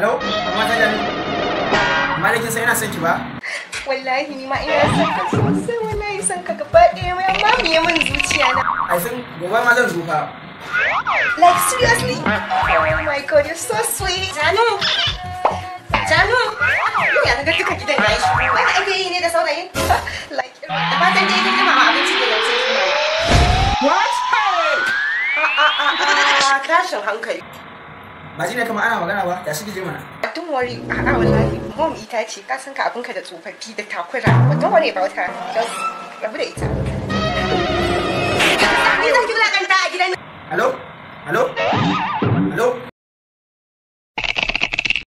Hello? Amma ta dami. Malikin sai ina son ki ba? Wallahi ni ma ina son ka sosai wallahi son ka gaba ɗaya mai amma me min zuciya na. I think gobe ma zan zo fa. Like seriously? Oh my god, you're so sweet. Janu. Janu. Ni ya ga duka gidan yayi shi. ba ake yi ne da saurayin? Like, da fatan dai kin gama abinci da yanzu. What? Ah, ah ah ah ah, tashin hankali. ba shi ne kamar ana magana ba ya shi mana tun wari a wallahi mom ita ce ka san ka abinka da tsofaffi da takura ba don wari ba wata rabu da ita Hello?